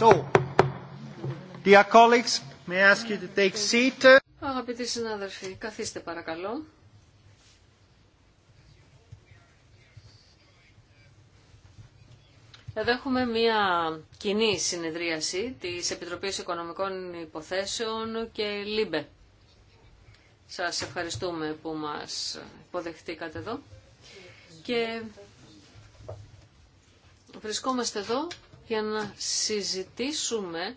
So, take Αγαπητοί συνάδελφοι, καθίστε παρακαλώ. Εδώ έχουμε μία κοινή συνεδρίαση της Επιτροπής Οικονομικών Υποθέσεων και ΛΥΜΠΕ. Σας ευχαριστούμε που μας υποδεχτήκατε εδώ. Και βρισκόμαστε εδώ για να συζητήσουμε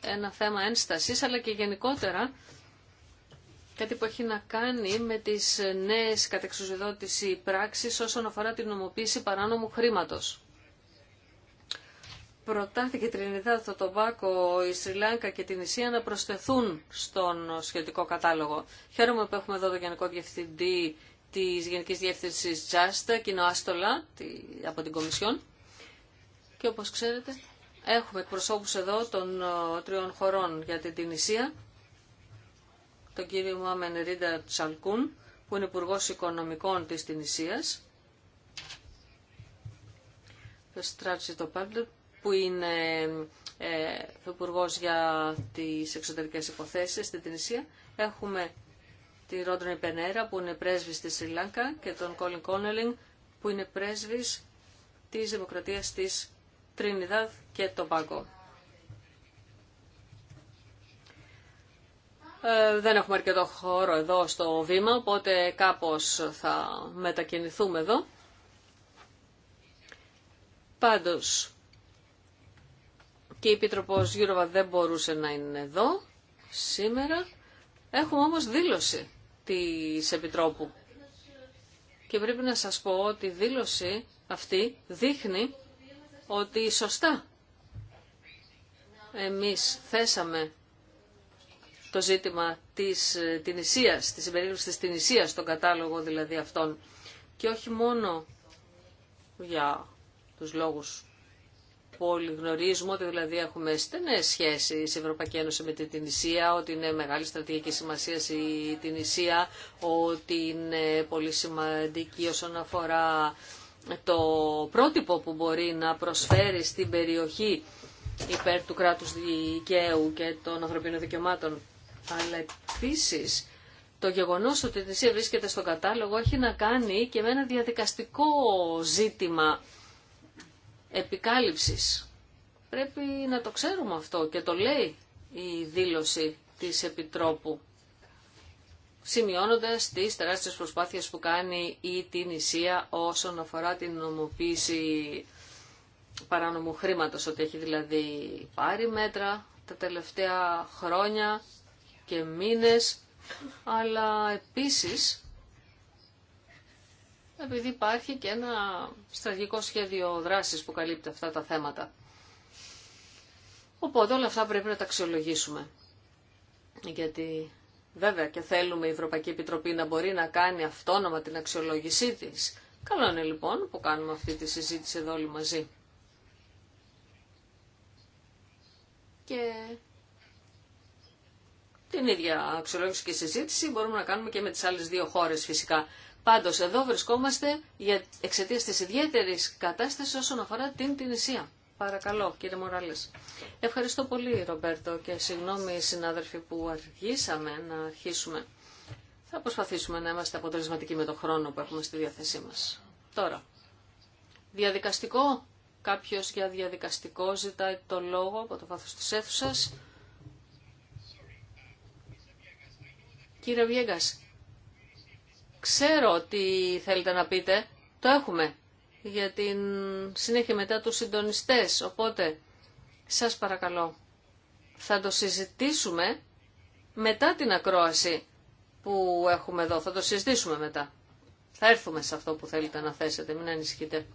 ένα θέμα ένστασης, αλλά και γενικότερα κάτι που έχει να κάνει με τις νέες κατεξουσιοδότηση πράξεις όσον αφορά την νομοποίηση παράνομου χρήματος. Προτάθηκε η Τρινιδά, το Τομπάκο, η Σριλάνκα και την Ισία να προσθεθούν στον σχετικό κατάλογο. Χαίρομαι που έχουμε εδώ το Γενικό Διευθυντή της Γενικής Διεύθυνσης Τζάστα κοινό Άστολα, από την Κομισιόν. Και όπως ξέρετε έχουμε εκπροσώπους εδώ των ε, τριών χωρών για την Τινησία, τον κύριο Μάμεν Ρίντα Τσαλκούν, που είναι υπουργό Οικονομικών της Τινησίας, το Στράτσι που είναι ε, ε υπουργό για τις εξωτερικές υποθέσεις στην Τινησία. Έχουμε τη Ρόντρον Πενέρα, που είναι πρέσβης της Σρι και τον Κόλιν Κόνελινγκ, που είναι πρέσβης της Δημοκρατίας της Τρινιδάδ και το Πάγκο. Ε, δεν έχουμε αρκετό χώρο εδώ στο βήμα, οπότε κάπως θα μετακινηθούμε εδώ. Πάντως, και η Επίτροπος Γιούροβα δεν μπορούσε να είναι εδώ σήμερα. Έχουμε όμως δήλωση της Επιτρόπου. Και πρέπει να σας πω ότι η δήλωση αυτή δείχνει ότι σωστά εμείς θέσαμε το ζήτημα της ε, Τινησίας, της συμπερίληψης της Τινησίας στον κατάλογο δηλαδή αυτών και όχι μόνο για τους λόγους που όλοι γνωρίζουμε ότι δηλαδή έχουμε στενές σχέσεις η Ευρωπαϊκή Ένωση με την Τινησία, ότι είναι μεγάλη στρατηγική σημασία η Τινησία, ότι είναι πολύ σημαντική όσον αφορά το πρότυπο που μπορεί να προσφέρει στην περιοχή υπέρ του κράτους δικαίου και των ανθρωπίνων δικαιωμάτων, αλλά επίσης το γεγονός ότι η θησία βρίσκεται στο κατάλογο έχει να κάνει και με ένα διαδικαστικό ζήτημα επικάλυψης. Πρέπει να το ξέρουμε αυτό και το λέει η δήλωση της Επιτρόπου σημειώνοντας τις τεράστιες προσπάθειες που κάνει η την όσον αφορά την νομοποίηση παράνομου χρήματος, ότι έχει δηλαδή πάρει μέτρα τα τελευταία χρόνια και μήνες, αλλά επίσης επειδή υπάρχει και ένα στρατηγικό σχέδιο δράσης που καλύπτει αυτά τα θέματα. Οπότε όλα αυτά πρέπει να τα αξιολογήσουμε. Γιατί Βέβαια και θέλουμε η Ευρωπαϊκή Επιτροπή να μπορεί να κάνει αυτόνομα την αξιολόγησή της. Καλό είναι λοιπόν που κάνουμε αυτή τη συζήτηση εδώ όλοι μαζί. Και την ίδια αξιολόγηση και συζήτηση μπορούμε να κάνουμε και με τις άλλες δύο χώρες φυσικά. Πάντως εδώ βρισκόμαστε για εξαιτία της ιδιαίτερης κατάστασης όσον αφορά την Τινησία. Παρακαλώ, κύριε Μοράλης. Ευχαριστώ πολύ, Ρομπέρτο, και συγγνώμη, συνάδελφοι, που αργήσαμε να αρχίσουμε. Θα προσπαθήσουμε να είμαστε αποτελεσματικοί με το χρόνο που έχουμε στη διάθεσή μας. Τώρα, διαδικαστικό. Κάποιος για διαδικαστικό ζητάει το λόγο από το βάθος της αίθουσας. Κύριε Βιέγκας, ξέρω ότι θέλετε να πείτε. Το έχουμε για την συνέχεια μετά τους συντονιστές. Οπότε, σας παρακαλώ, θα το συζητήσουμε μετά την ακρόαση που έχουμε εδώ. Θα το συζητήσουμε μετά. Θα έρθουμε σε αυτό που θέλετε να θέσετε, μην ανησυχείτε.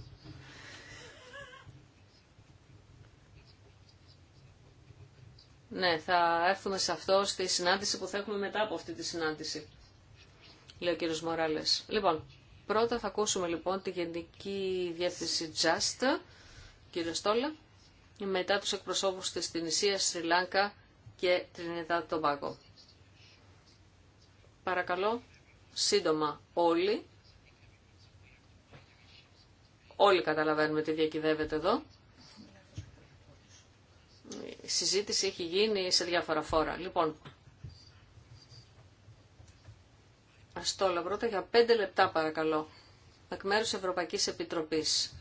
Ναι, θα έρθουμε σε αυτό στη συνάντηση που θα έχουμε μετά από αυτή τη συνάντηση, λέει ο κύριος Μοράλες. Λοιπόν, Πρώτα θα ακούσουμε λοιπόν τη Γενική Διεύθυνση Just, κύριε Στόλα, μετά τους εκπροσώπους της Τινησίας, Σρι Λάνκα και Τρινιδά Τομπάκο. Παρακαλώ, σύντομα όλοι. Όλοι καταλαβαίνουμε τι διακυβεύεται εδώ. Η συζήτηση έχει γίνει σε διάφορα φόρα. Λοιπόν, Αστόλα πρώτα για πέντε λεπτά παρακαλώ. Εκ μέρους Ευρωπαϊκής Επιτροπής.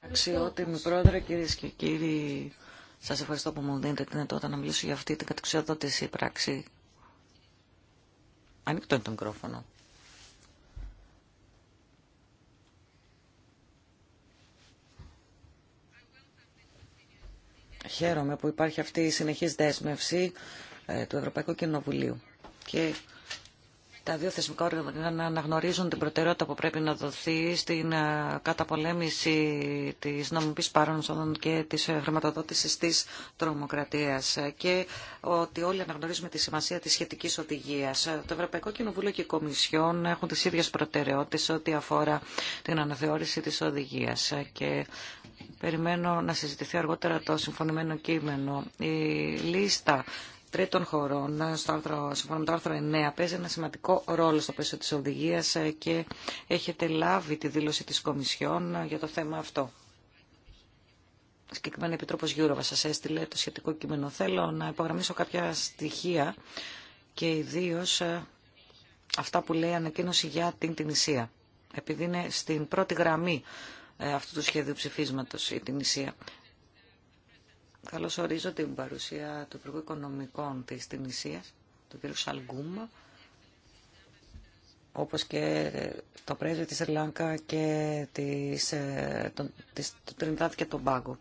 Αξιότιμη πρόεδρε κυρίε και κύριοι. Σας ευχαριστώ που μου δίνετε την δυνατότητα να μιλήσω για αυτή την κατεξοδότηση πράξη. Ανοιχτό είναι το μικρόφωνο. Χαίρομαι που υπάρχει αυτή η συνεχής δέσμευση ε, του Ευρωπαϊκού Κοινοβουλίου. Και τα δύο θεσμικά όργανα να αναγνωρίζουν την προτεραιότητα που πρέπει να δοθεί στην ε, καταπολέμηση της νομιμής στον και της ε, χρηματοδότησης της τρομοκρατίας ε, και ότι όλοι αναγνωρίζουμε τη σημασία της σχετικής οδηγίας. Το Ευρωπαϊκό Κοινοβούλιο και η Κομισιόν έχουν τις ίδιες προτεραιότητες ό,τι αφορά την αναθεώρηση της οδηγίας και περιμένω να συζητηθεί αργότερα το συμφωνημένο κείμενο. Η λίστα τρίτων χωρών, στο άρθρο, σύμφωνα με το άρθρο 9, παίζει ένα σημαντικό ρόλο στο πλαίσιο της οδηγίας ε, και έχετε λάβει τη δήλωση της Κομισιόν ε, για το θέμα αυτό. Συγκεκριμένα, η Επιτρόπος Γιούροβα σας έστειλε το σχετικό κείμενο. Θέλω να υπογραμμίσω κάποια στοιχεία και ιδίω ε, αυτά που λέει ανακοίνωση για την Τινησία. Επειδή είναι στην πρώτη γραμμή αυτού του σχέδιου ψηφίσματος η Τινησία. Καλώς ορίζω την παρουσία του Υπουργού Οικονομικών της Τινησίας, του κ. Σαλγκούμα, όπως και το πρέσβη της Ιρλάνκα και της, ε, της, του και τον Πάγκο.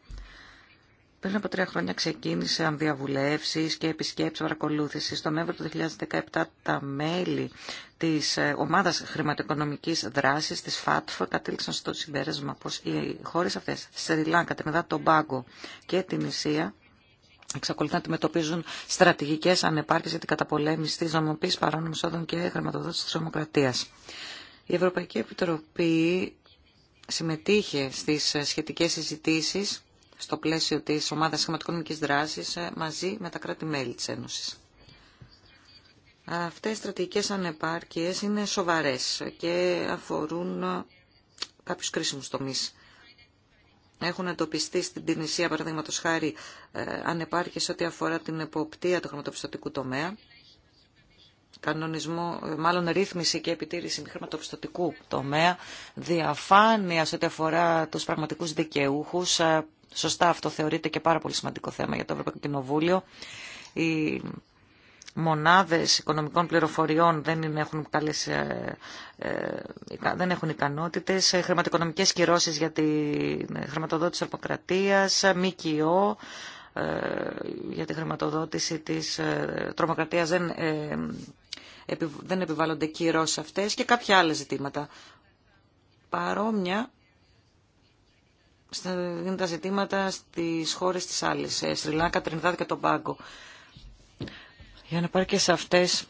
Πριν από τρία χρόνια ξεκίνησαν διαβουλευσει και επισκέψεις παρακολούθηση. Στο Νοέμβριο του 2017 τα μέλη τη ε, ομάδα χρηματοοικονομικής δράση, τη ΦΑΤΦΟ κατέληξαν στο συμπέρασμα πω οι χώρε αυτέ Σρι Τεμεδά, μετά τον Πάγκο και την Ισία, εξακολουθούν να αντιμετωπίζουν στρατηγικέ ανεπάρκειε για την καταπολέμηση τη νομοποίηση παράνομων εισόδων και χρηματοδότηση τη τρομοκρατία. Η Ευρωπαϊκή Επιτροπή συμμετείχε στι ε, σχετικέ συζητήσει στο πλαίσιο της ομάδας σχηματοοικονομικής δράσης ε, μαζί με τα κράτη-μέλη της Ένωσης. Αυτές οι στρατηγικές ανεπάρκειες είναι σοβαρές και αφορούν ε, κάποιους κρίσιμους τομείς. Έχουν εντοπιστεί στην Τινησία, παραδείγματο χάρη, ε, ανεπάρκειες ό,τι αφορά την εποπτεία του χρηματοπιστωτικού τομέα, κανονισμό, μάλλον ρύθμιση και επιτήρηση χρηματοπιστωτικού τομέα, διαφάνεια σε ό,τι αφορά τους πραγματικούς δικαιούχους, Σωστά αυτό θεωρείται και πάρα πολύ σημαντικό θέμα για το Ευρωπαϊκό Κοινοβούλιο. Οι μονάδες οικονομικών πληροφοριών δεν, έχουν, καλές, ε, ε, δεν έχουν ικανότητες, ε, χρηματοοικονομικές κυρώσεις για τη ε, χρηματοδότηση αποκρατίας, ΜΚΟ, ε, για τη χρηματοδότηση της τρομοκρατίας δεν, δεν επιβάλλονται κυρώσεις αυτές και κάποια άλλα ζητήματα. Παρόμοια τα ζητήματα στις χώρες της άλλης, Σριλάνκα, Τρινδάδη και τον Πάγκο. Για να πάρει αυτές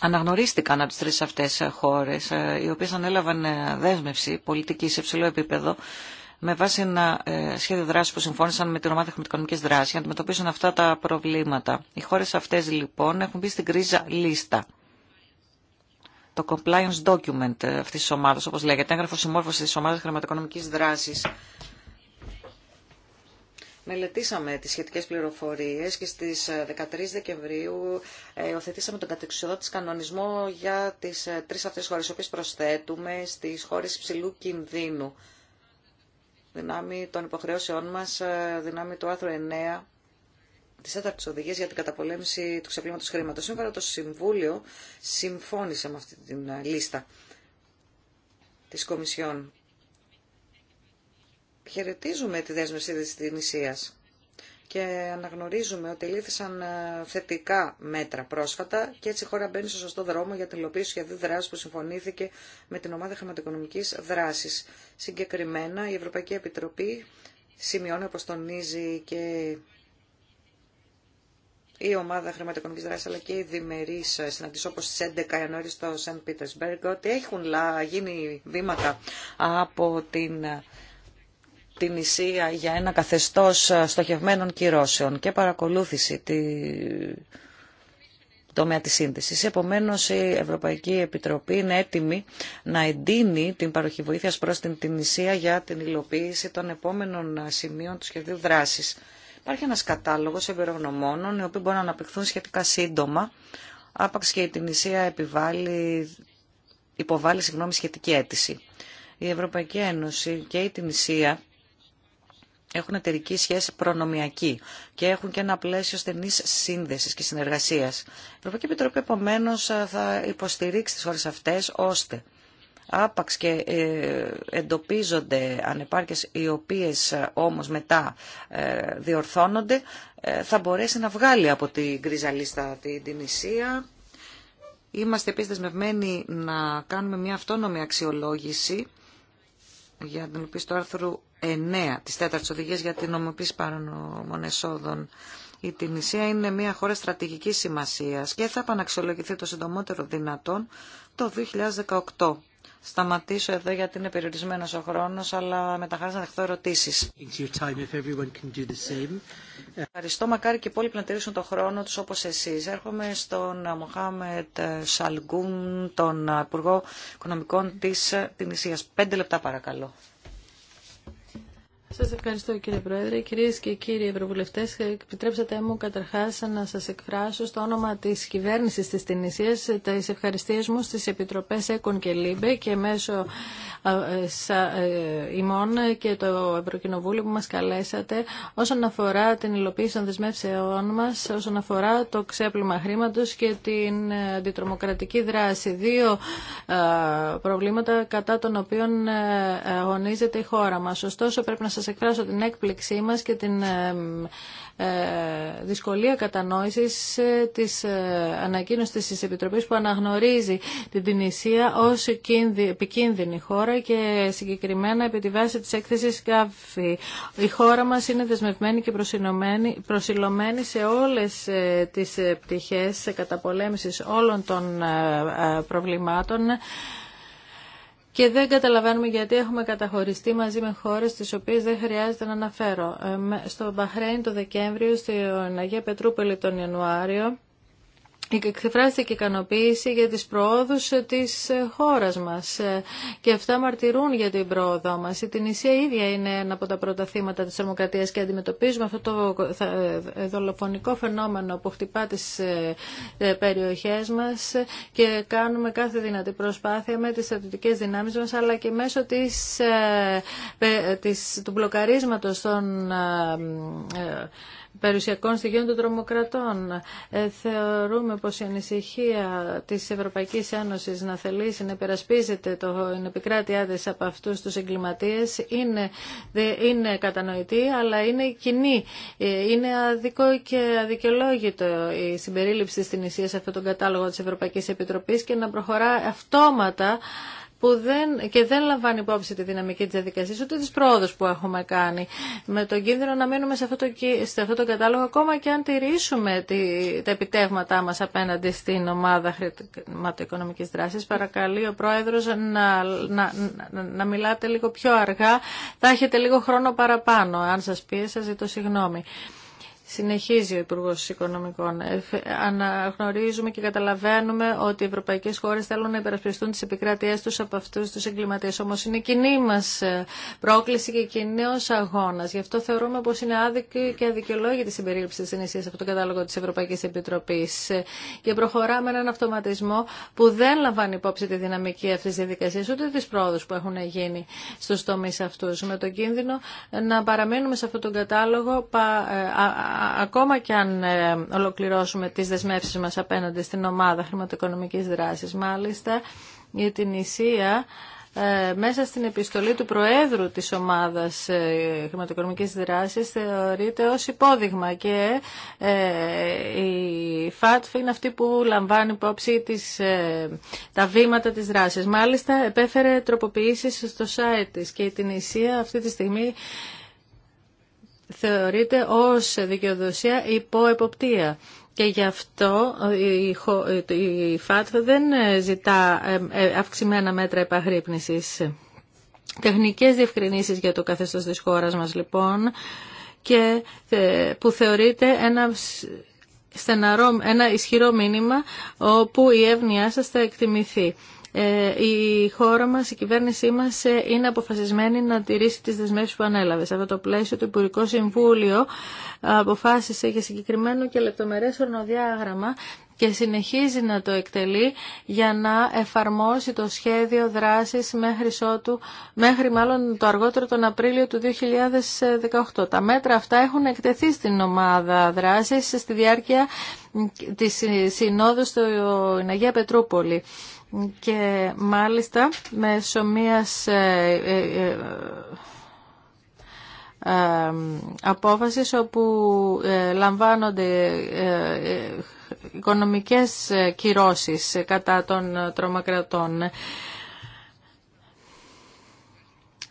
αναγνωρίστηκαν από τις τρεις αυτές ε, χώρες, ε, οι οποίες ανέλαβαν ε, δέσμευση πολιτική σε ψηλό επίπεδο, με βάση ένα σχέδιο δράση που συμφώνησαν με την ομάδα χρηματοοικονομική δράση για να αντιμετωπίσουν αυτά τα προβλήματα. Οι χώρε αυτέ λοιπόν έχουν μπει στην κρίζα λίστα το compliance document ε, αυτής της ομάδας, όπως λέγεται, έγγραφο συμμόρφωση της ομάδας χρηματοοικονομικής δράσης. Μελετήσαμε τις σχετικές πληροφορίες και στις 13 ε, Δεκεμβρίου ε, οθετήσαμε τον κατεξοδότης κανονισμό για τις τρεις αυτές χώρες, οποίες προσθέτουμε στις χώρες υψηλού κινδύνου. Δυνάμει των υποχρεώσεών μας, δυνάμει του άρθρου 9 τη τέταρτη οδηγία για την καταπολέμηση του ξεπλήματο χρήματο. Σήμερα το Συμβούλιο συμφώνησε με αυτή την ε, λίστα τη Κομισιόν. Χαιρετίζουμε τη δέσμευση τη Τινησίας και αναγνωρίζουμε ότι λήθησαν ε, θετικά μέτρα πρόσφατα και έτσι η χώρα μπαίνει στο σωστό δρόμο για την υλοποίηση σχεδίου δράση που συμφωνήθηκε με την ομάδα χρηματοοικονομική δράση. Συγκεκριμένα, η Ευρωπαϊκή Επιτροπή σημειώνει, όπω τονίζει και η ομάδα χρηματοοικονομικής δράσης αλλά και οι διμερείς συναντήσεις όπως στις 11 Ιανουαρίου στο Σεν Πίτερσμπεργκ ότι έχουν γίνει βήματα από την την Ισία για ένα καθεστώς στοχευμένων κυρώσεων και παρακολούθηση τη τομέα της σύνδεσης. Επομένως, η Ευρωπαϊκή Επιτροπή είναι έτοιμη να εντείνει την παροχή βοήθειας προς την Τινησία για την υλοποίηση των επόμενων σημείων του σχεδίου δράσης. Υπάρχει ένας κατάλογος εμπειρογνωμόνων, οι οποίοι μπορούν να αναπτυχθούν σχετικά σύντομα, άπαξ και η Τινησία επιβάλλει, υποβάλλει συγγνώμη, σχετική αίτηση. Η Ευρωπαϊκή Ένωση και η Τινησία έχουν εταιρική σχέση προνομιακή και έχουν και ένα πλαίσιο στενή σύνδεση και συνεργασία. Η Ευρωπαϊκή Επιτροπή, επομένω, θα υποστηρίξει τι χώρε αυτέ ώστε Άπαξ και ε, εντοπίζονται ανεπάρκειες οι οποίες ε, όμως μετά ε, διορθώνονται, θα μπορέσει να βγάλει από την γκρίζα λίστα την Τινησία. Είμαστε επίσης δεσμευμένοι να κάνουμε μια αυτόνομη αξιολόγηση για την οποία του άρθρου 9 της 4ης οδηγίας για την νομοποίηση παρανομών εσόδων. Η Τινησία είναι μια χώρα στρατηγικής σημασίας και θα επαναξιολογηθεί το συντομότερο δυνατόν το 2018 σταματήσω εδώ γιατί είναι περιορισμένος ο χρόνος, αλλά με τα χάρη να δεχτώ ερωτήσεις. Ευχαριστώ, μακάρι και οι υπόλοιποι να τηρήσουν τον χρόνο τους όπως εσείς. Έρχομαι στον Μοχάμετ Σαλγκούν, τον Υπουργό Οικονομικών της Τινησίας. Πέντε λεπτά παρακαλώ. Σα ευχαριστώ κύριε Πρόεδρε. Κυρίε και κύριοι Ευρωβουλευτέ, επιτρέψατε μου καταρχά να σα εκφράσω στο όνομα τη κυβέρνηση τη Τινησία τις ευχαριστίες μου στι επιτροπέ ΕΚΟΝ και ΛΥΜΠΕ και μέσω ε, ε, ημών και το Ευρωκοινοβούλιο που μα καλέσατε όσον αφορά την υλοποίηση των δεσμεύσεών μα, όσον αφορά το ξέπλυμα χρήματο και την ε, αντιτρομοκρατική δράση. Δύο προβλήματα κατά των οποίων αγωνίζεται η χώρα μα. Ωστόσο πρέπει να σας εκφράσω την έκπληξή μας και την ε, δυσκολία κατανόησης ε, της ε, ανακοίνωσης της Επιτροπής που αναγνωρίζει την Τινησία ως επικίνδυνη χώρα και συγκεκριμένα επί τη βάση της έκθεσης ΚΑΦΗ. Η χώρα μας είναι δεσμευμένη και προσιλωμένη σε όλες τις πτυχές καταπολέμησης όλων των προβλημάτων και δεν καταλαβαίνουμε γιατί έχουμε καταχωριστεί μαζί με χώρες τις οποίες δεν χρειάζεται να αναφέρω. Ε, στο Μπαχρέιν το Δεκέμβριο, στην Αγία Πετρούπολη τον Ιανουάριο, εκφράστηκε ικανοποίηση για τις προόδους ε, της ε, χώρας μας ε, και αυτά μαρτυρούν για την προόδο μας. Η Τινησία ίδια είναι ένα από τα πρώτα θύματα της θερμοκρατίας και αντιμετωπίζουμε αυτό το δολοφονικό φαινόμενο που χτυπά τις περιοχές μας και κάνουμε κάθε δυνατή προσπάθεια με τις στρατιωτικές δυνάμεις μας αλλά και μέσω της, του μπλοκαρίσματος των περιουσιακών στοιχείων των τρομοκρατών. Ε, θεωρούμε πως η ανησυχία της Ευρωπαϊκής Ένωσης να θελήσει να υπερασπίζεται το, επικράτειά από αυτούς τους εγκληματίες είναι, είναι κατανοητή, αλλά είναι κοινή. Ε, είναι αδικό και αδικαιολόγητο η συμπερίληψη τη ισία σε αυτόν τον κατάλογο της Ευρωπαϊκής Επιτροπής και να προχωρά αυτόματα που δεν, και δεν λαμβάνει υπόψη τη δυναμική της διαδικασίας ούτε τη πρόοδο που έχουμε κάνει με τον κίνδυνο να μείνουμε σε αυτό το, σε αυτό το κατάλογο ακόμα και αν τηρήσουμε τη, τα επιτεύγματά μας απέναντι στην ομάδα χρηματοοικονομική δράση. παρακαλεί ο πρόεδρο να, να, να, να μιλάτε λίγο πιο αργά θα έχετε λίγο χρόνο παραπάνω αν σας σα ζητώ συγγνώμη. Συνεχίζει ο Υπουργό Οικονομικών. Αναγνωρίζουμε και καταλαβαίνουμε ότι οι ευρωπαϊκέ χώρε θέλουν να υπερασπιστούν τι επικράτειέ του από αυτού του εγκληματίε. Όμω είναι κοινή μα ε, πρόκληση και κοινό αγώνα. Γι' αυτό θεωρούμε πω είναι άδικη και αδικαιολόγητη η συμπερίληψη τη Ενησία από τον κατάλογο τη Ευρωπαϊκή Επιτροπή. Ε, και προχωράμε έναν αυτοματισμό που δεν λαμβάνει υπόψη τη δυναμική αυτή τη διαδικασία ούτε τη πρόοδου που έχουν γίνει στου τομεί αυτού. Με το κίνδυνο να παραμείνουμε σε αυτόν τον κατάλογο ε, ακόμα και αν ε, ολοκληρώσουμε τις δεσμεύσεις μας απέναντι στην ομάδα χρηματοοικονομικής δράσης. Μάλιστα, η την ε, μέσα στην επιστολή του Προέδρου της Ομάδας ε, Χρηματοοικονομικής Δράσης θεωρείται ως υπόδειγμα και η ΦΑΤΦ είναι αυτή που λαμβάνει υπόψη τις, τα βήματα της δράσης. Μάλιστα επέφερε τροποποιήσεις στο site της και η Τινησία αυτή τη στιγμή θεωρείται ως δικαιοδοσία υπό εποπτεία. Και γι' αυτό η ΦΑΤ δεν ζητά ε, αυξημένα μέτρα επαγρύπνησης. Τεχνικές διευκρινήσεις για το καθεστώς της χώρας μας λοιπόν και ε, που θεωρείται ένα στεναρό, ένα ισχυρό μήνυμα όπου η εύνοιά σας θα εκτιμηθεί. Ε, η χώρα μας, η κυβέρνησή μας ε, είναι αποφασισμένη να τηρήσει τις δεσμεύσεις που ανέλαβε. Σε αυτό το πλαίσιο το Υπουργικό Συμβούλιο αποφάσισε για συγκεκριμένο και λεπτομερές ορνοδιάγραμμα και συνεχίζει να το εκτελεί για να εφαρμόσει το σχέδιο δράσης μέχρι, μέχρι μάλλον το αργότερο τον Απρίλιο του 2018. Τα μέτρα αυτά έχουν εκτεθεί στην ομάδα δράσης στη διάρκεια της συνόδου στην Αγία Πετρούπολη και μάλιστα μέσω μιας ε, ε, ε, απόφασης όπου λαμβάνονται οικονομικές κυρώσεις κατά των τρομακρατών.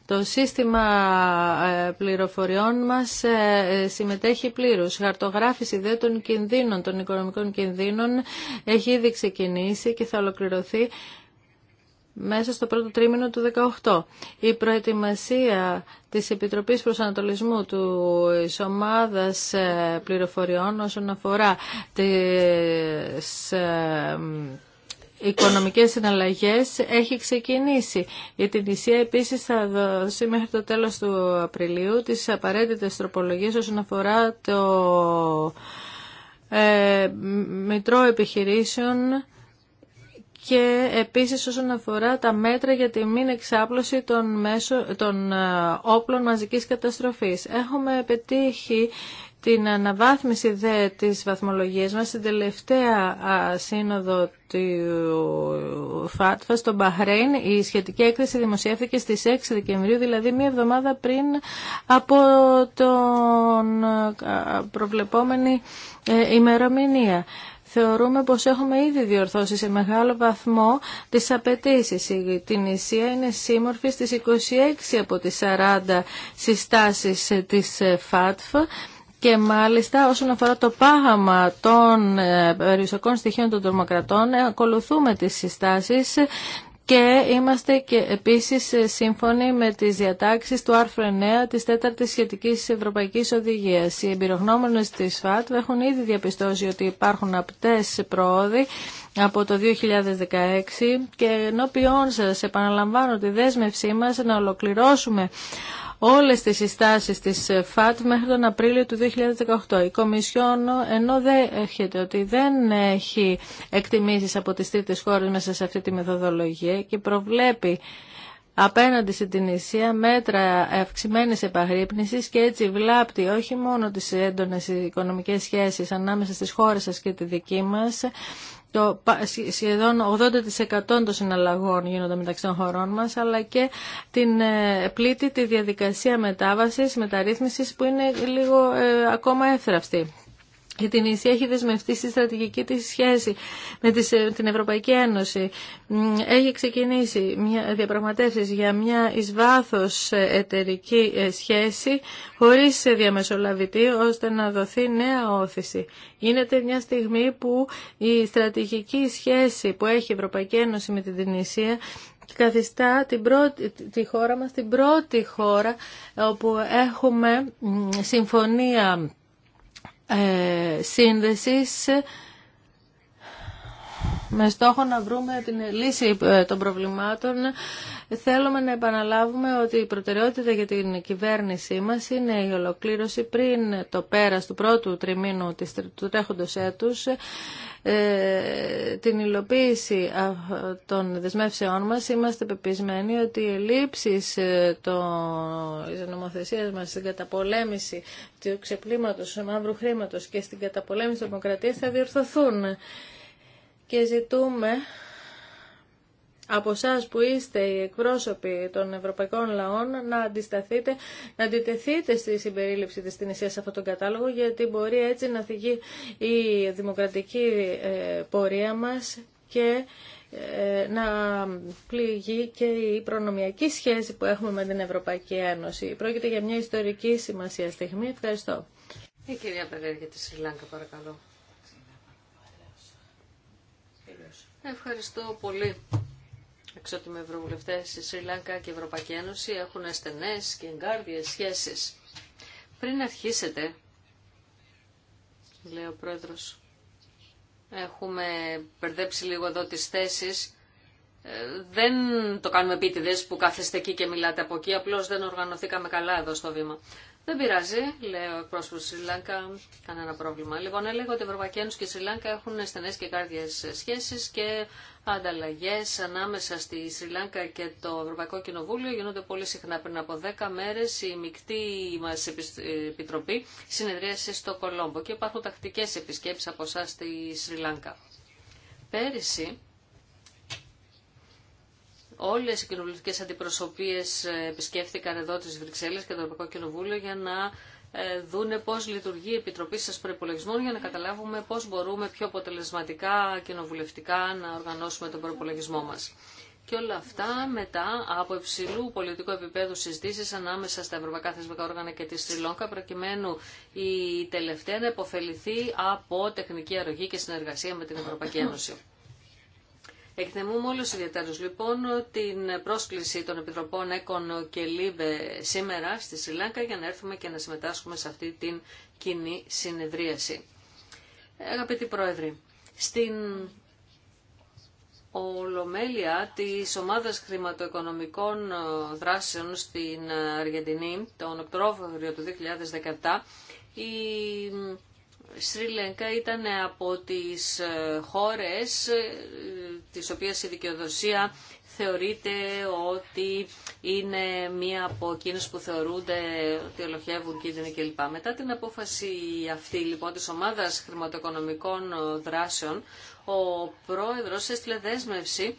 Το σύστημα ε, πληροφοριών μας ε, ε, συμμετέχει πλήρως. Χαρτογράφηση δε των κινδύνων, των οικονομικών κινδύνων έχει ήδη ξεκινήσει και θα ολοκληρωθεί μέσα στο πρώτο τρίμηνο του 2018. Η προετοιμασία της Επιτροπής Προσανατολισμού του ομάδας πληροφοριών όσον αφορά τις οικονομικές συναλλαγές έχει ξεκινήσει. Η Τινησία επίσης θα δώσει μέχρι το τέλος του Απριλίου τις απαραίτητες τροπολογίες όσον αφορά το ε, Μητρό Επιχειρήσεων και επίσης όσον αφορά τα μέτρα για τη μην εξάπλωση των, των ε, όπλων μαζικής καταστροφής. Έχουμε πετύχει την αναβάθμιση δε της βαθμολογίας μας στην τελευταία σύνοδο του ΦΑΤΦΑ στο Μπαχρέιν. Η σχετική έκθεση δημοσιεύθηκε στις 6 Δεκεμβρίου, δηλαδή μία εβδομάδα πριν από τον προβλεπόμενη ε, ημερομηνία. Θεωρούμε πως έχουμε ήδη διορθώσει σε μεγάλο βαθμό τις απαιτήσεις. Η Τινησία είναι σύμμορφη στις 26 από τις 40 συστάσεις της ε, ΦΑΤΦΑ και μάλιστα όσον αφορά το πάγαμα των ε, περιουσιακών στοιχείων των τρομοκρατών ε, ακολουθούμε τις συστάσεις και είμαστε και επίσης σύμφωνοι με τις διατάξεις του άρθρου 9 της 4ης σχετικής ευρωπαϊκής οδηγίας. Οι εμπειρογνώμονες της ΦΑΤ έχουν ήδη διαπιστώσει ότι υπάρχουν απτές προόδοι από το 2016 και ποιόν σας επαναλαμβάνω τη δέσμευσή μας να ολοκληρώσουμε όλες τις συστάσεις της ΦΑΤ μέχρι τον Απρίλιο του 2018. Η Κομισιόν ενώ δέχεται ότι δεν έχει εκτιμήσεις από τις τρίτες χώρες μέσα σε αυτή τη μεθοδολογία και προβλέπει απέναντι στην Τινησία μέτρα αυξημένης επαγρύπνησης και έτσι βλάπτει όχι μόνο τις έντονες οικονομικές σχέσεις ανάμεσα στις χώρε σας και τη δική μας, το, σχεδόν 80% των συναλλαγών γίνονται μεταξύ των χωρών μας, αλλά και την ε, πλήτη, τη διαδικασία μετάβασης, μεταρρύθμισης που είναι λίγο ε, ακόμα εύθραυστη. Η Τινησία έχει δεσμευτεί στη στρατηγική της σχέση με ε, την Ευρωπαϊκή Ένωση. Έχει ξεκινήσει μια διαπραγματεύσεις για μια εις βάθος ε, εταιρική ε, σχέση χωρίς διαμεσολαβητή ώστε να δοθεί νέα όθηση. Γίνεται μια στιγμή που η στρατηγική σχέση που έχει η Ευρωπαϊκή Ένωση με την Τινησία καθιστά την τη χώρα μας την πρώτη χώρα όπου έχουμε συμφωνία ε, σύνδεσης με στόχο να βρούμε την λύση ε, των προβλημάτων Θέλουμε να επαναλάβουμε ότι η προτεραιότητα για την κυβέρνησή μας είναι η ολοκλήρωση πριν το πέρας του πρώτου τριμήνου του τρέχοντος έτους ε, την υλοποίηση των δεσμεύσεών μας είμαστε πεπισμένοι ότι οι ελλείψεις ε, της νομοθεσίας μας στην καταπολέμηση του ξεπλήματος μαύρου χρήματος και στην καταπολέμηση της δημοκρατίας θα διορθωθούν και ζητούμε από εσά που είστε οι εκπρόσωποι των ευρωπαϊκών λαών να αντισταθείτε, να αντιτεθείτε στη συμπερίληψη της Τινησίας σε αυτόν τον κατάλογο γιατί μπορεί έτσι να θυγεί η δημοκρατική ε, πορεία μας και ε, να πληγεί και η προνομιακή σχέση που έχουμε με την Ευρωπαϊκή Ένωση. Πρόκειται για μια ιστορική σημασία στιγμή. Ευχαριστώ. Η κυρία για τη Σιλάνκα, παρακαλώ. Ευχαριστώ πολύ εξότιμοι ευρωβουλευτέ η Σρι Λάγκα και η Ευρωπαϊκή Ένωση έχουν στενές και εγκάρδιες σχέσεις. Πριν αρχίσετε, λέει ο πρόεδρο, έχουμε μπερδέψει λίγο εδώ τις θέσεις. Ε, δεν το κάνουμε επιτηδε που κάθεστε εκεί και μιλάτε από εκεί, απλώ δεν οργανωθήκαμε καλά εδώ στο βήμα. Δεν πειράζει, λέει ο εκπρόσωπο τη Σιλάνκα, κανένα πρόβλημα. Λοιπόν, έλεγα ότι η Ευρωπαϊκή Ένωση και η Σιλάνκα έχουν στενέ και κάρδιε σχέσει και ανταλλαγέ ανάμεσα στη Σιλάνκα και το Ευρωπαϊκό Κοινοβούλιο γίνονται πολύ συχνά. Πριν από 10 μέρε η μεικτή μα επιτροπή συνεδρίασε στο Κολόμπο και υπάρχουν τακτικέ επισκέψει από εσά στη Σιλάνκα. Πέρυσι, Όλες οι κοινοβουλευτικέ αντιπροσωπείες ε, επισκέφθηκαν εδώ τις Βρυξέλλες και το Ευρωπαϊκό Κοινοβούλιο για να ε, δούνε πώς λειτουργεί η Επιτροπή σας προπολογισμών για να καταλάβουμε πώς μπορούμε πιο αποτελεσματικά κοινοβουλευτικά να οργανώσουμε τον προπολογισμό μας. Και όλα αυτά μετά από υψηλού πολιτικού επίπεδου συζητήσει ανάμεσα στα ευρωπαϊκά θεσμικά όργανα και τη Στριλόγκα, προκειμένου η τελευταία να υποφεληθεί από τεχνική αρρωγή και συνεργασία με την Ευρωπαϊκή Ένωση. Εκτιμούμε όλους ιδιαίτερους λοιπόν την πρόσκληση των Επιτροπών ΕΚΟΝ και ΛΥΒΕ σήμερα στη Σιλάνκα για να έρθουμε και να συμμετάσχουμε σε αυτή την κοινή συνεδρίαση. Αγαπητοί Πρόεδροι, στην ολομέλεια της ομάδας χρηματοοικονομικών δράσεων στην Αργεντινή τον Οκτώβριο του 2017 η Σρι Λεγκα ήταν από τις ε, χώρες ε, τις οποίες η δικαιοδοσία θεωρείται ότι είναι μία από εκείνες που θεωρούνται ότι ολοχεύουν κίνδυνο κλπ. Μετά την απόφαση αυτή λοιπόν της ομάδας χρηματοοικονομικών ε, δράσεων, ο πρόεδρος έστειλε δέσμευση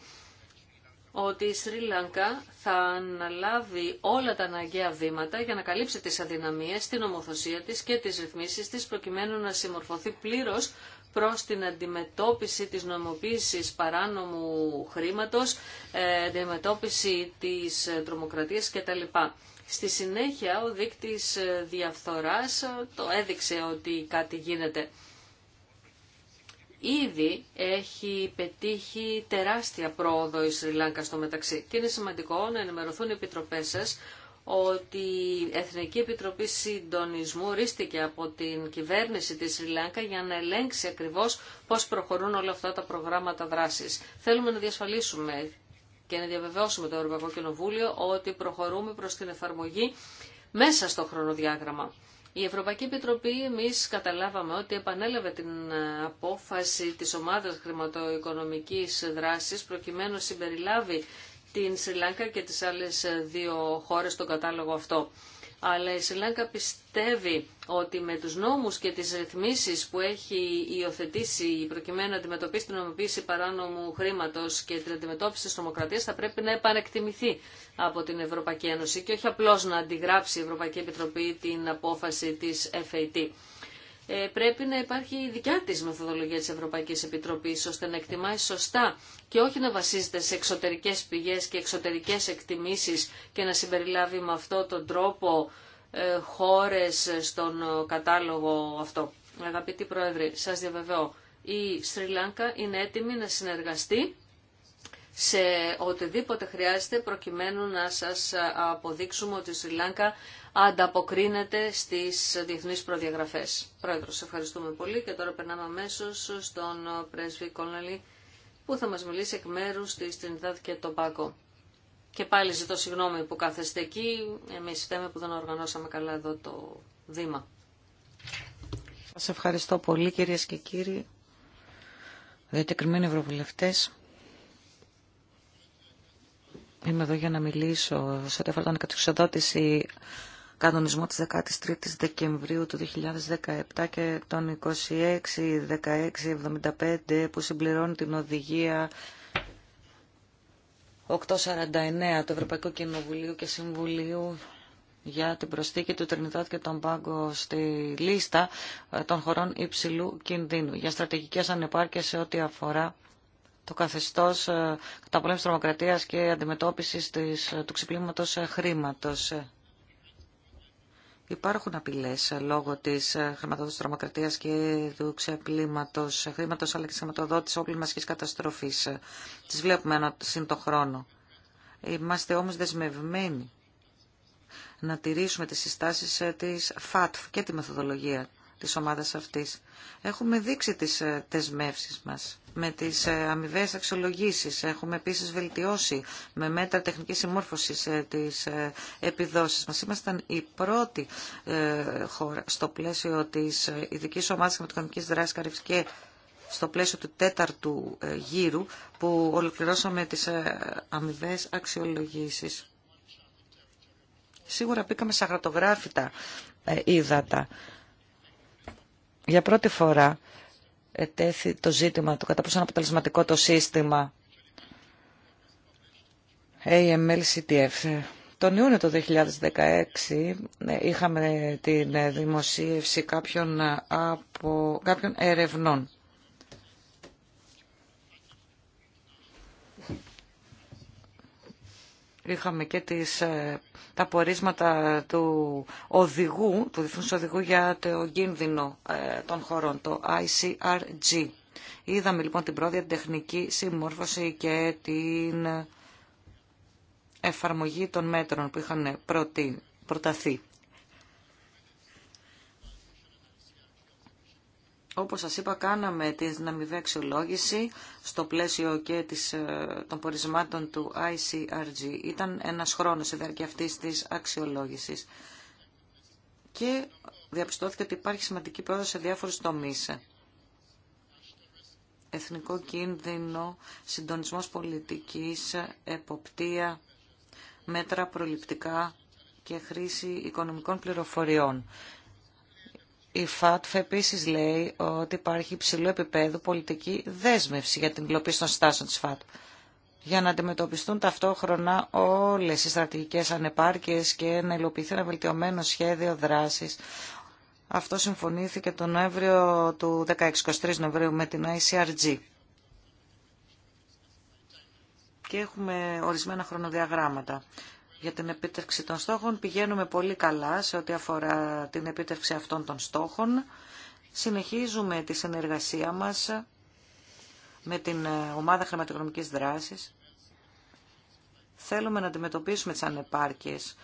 ότι η Σρι Λάνκα θα αναλάβει όλα τα αναγκαία βήματα για να καλύψει τις αδυναμίες, την ομοθοσία της και τις ρυθμίσεις της προκειμένου να συμμορφωθεί πλήρως προς την αντιμετώπιση της νομοποίησης παράνομου χρήματος, ε, αντιμετώπιση της τρομοκρατίας κτλ. Στη συνέχεια ο δείκτης ε, διαφθοράς ε, το έδειξε ότι κάτι γίνεται ήδη έχει πετύχει τεράστια πρόοδο η Σρι στο μεταξύ. Και είναι σημαντικό να ενημερωθούν οι επιτροπές σας ότι η Εθνική Επιτροπή Συντονισμού ρίστηκε από την κυβέρνηση της Σρι για να ελέγξει ακριβώς πώς προχωρούν όλα αυτά τα προγράμματα δράσης. Θέλουμε να διασφαλίσουμε και να διαβεβαιώσουμε το Ευρωπαϊκό Κοινοβούλιο ότι προχωρούμε προς την εφαρμογή μέσα στο χρονοδιάγραμμα. Η Ευρωπαϊκή Επιτροπή, εμεί καταλάβαμε ότι επανέλαβε την ε, απόφαση της ομάδας χρηματοοικονομικής δράσης προκειμένου συμπεριλάβει την Σρι και τις άλλες ε, δύο χώρες στον κατάλογο αυτό αλλά η Σιλάνκα πιστεύει ότι με τους νόμους και τις ρυθμίσεις που έχει υιοθετήσει προκειμένου να αντιμετωπίσει την νομοποίηση παράνομου χρήματος και την αντιμετώπιση της νομοκρατίας θα πρέπει να επανεκτιμηθεί από την Ευρωπαϊκή Ένωση και όχι απλώς να αντιγράψει η Ευρωπαϊκή Επιτροπή την απόφαση της FAT. Ε, πρέπει να υπάρχει η δικιά της μεθοδολογία της Ευρωπαϊκής Επιτροπής, ώστε να εκτιμάει σωστά και όχι να βασίζεται σε εξωτερικές πηγές και εξωτερικές εκτιμήσεις και να συμπεριλάβει με αυτόν τον τρόπο ε, χώρες στον κατάλογο αυτό. Αγαπητοί Πρόεδρε, σας διαβεβαιώ, η Σρι Λάνκα είναι έτοιμη να συνεργαστεί σε οτιδήποτε χρειάζεται προκειμένου να σας αποδείξουμε ότι η Σρι ανταποκρίνεται στις διεθνείς προδιαγραφές. Πρόεδρος, ευχαριστούμε πολύ και τώρα περνάμε αμέσω στον πρέσβη Κόναλη που θα μας μιλήσει εκ μέρους της Τρινιδάδ και ΠΑΚΟ. Και πάλι ζητώ συγγνώμη που κάθεστε εκεί, εμείς φταίμε που δεν οργανώσαμε καλά εδώ το βήμα. Σας ευχαριστώ πολύ κυρίες και κύριοι, διατεκριμένοι ευρωβουλευτές. Είμαι εδώ για να μιλήσω σε ό,τι αφορά την κανονισμό της 13ης Δεκεμβρίου του 2017 και των 26-16-75 που συμπληρώνει την οδηγία 849 του Ευρωπαϊκού Κοινοβουλίου και Συμβουλίου για την προσθήκη του Τρινιδάτ και τον Πάγκο στη λίστα των χωρών υψηλού κινδύνου για στρατηγικές ανεπάρκειες σε ό,τι αφορά το καθεστώς καταπολέμησης ε, τρομοκρατίας και αντιμετώπισης της, ε, του ξεπλήματος ε, χρήματος. Υπάρχουν απειλές λόγω της χρηματοδότησης τρομοκρατίας και του ξεπλήματος χρήματος αλλά και της χρηματοδότησης όπλων μασικής καταστροφής. Τις βλέπουμε ένα χρόνο. Είμαστε όμως δεσμευμένοι να τηρήσουμε τις συστάσεις της ΦΑΤΦ και τη μεθοδολογία της ομάδας αυτής. Έχουμε δείξει τις ε, δεσμεύσει μας με τις ε, αμοιβέ αξιολογήσεις. Έχουμε επίσης βελτιώσει με μέτρα τεχνικής συμμόρφωσης ε, τις επιδόσεις μας. Ήμασταν η πρώτη χώρα στο πλαίσιο της ειδικής ομάδας χρηματοοικονομικής δράσης Καρυφής και στο πλαίσιο του τέταρτου γύρου που ολοκληρώσαμε τις αμοιβέ αξιολογήσεις. Σίγουρα πήκαμε σε αγροτογράφητα ύδατα για πρώτη φορά ετέθη το ζήτημα του κατά πόσο αποτελεσματικό το σύστημα AML-CTF. Τον Ιούνιο του 2016 ε, είχαμε την ε, δημοσίευση κάποιων, ε, από, κάποιων ερευνών. Είχαμε και τις τα πορίσματα του οδηγού, του Διεθνούς Οδηγού για το κίνδυνο ε, των χωρών, το ICRG. Είδαμε λοιπόν την πρώτη τεχνική συμμόρφωση και την εφαρμογή των μέτρων που είχαν προταθεί. Όπως σας είπα, κάναμε τη δυναμιβή αξιολόγηση στο πλαίσιο και της, ε, των πορισμάτων του ICRG. Ήταν ένας χρόνος η διάρκεια αυτής της αξιολόγησης. Και διαπιστώθηκε ότι υπάρχει σημαντική πρόοδο σε διάφορους τομείς. Εθνικό κίνδυνο, συντονισμός πολιτικής, εποπτεία, μέτρα προληπτικά και χρήση οικονομικών πληροφοριών. Η ΦΑΤΦ επίση λέει ότι υπάρχει υψηλό επίπεδο πολιτική δέσμευση για την υλοποίηση των στάσεων τη ΦΑΤΦ για να αντιμετωπιστούν ταυτόχρονα όλες οι στρατηγικές ανεπάρκειες και να υλοποιηθεί ένα βελτιωμένο σχέδιο δράσης. Αυτό συμφωνήθηκε τον Νοέμβριο του 16-23 Νοεμβρίου με την ICRG. Και έχουμε ορισμένα χρονοδιαγράμματα για την επίτευξη των στόχων. Πηγαίνουμε πολύ καλά σε ό,τι αφορά την επίτευξη αυτών των στόχων. Συνεχίζουμε τη συνεργασία μας με την ε, ομάδα χρηματοοικονομικής δράσης. Θέλουμε να αντιμετωπίσουμε τις ανεπάρκειες,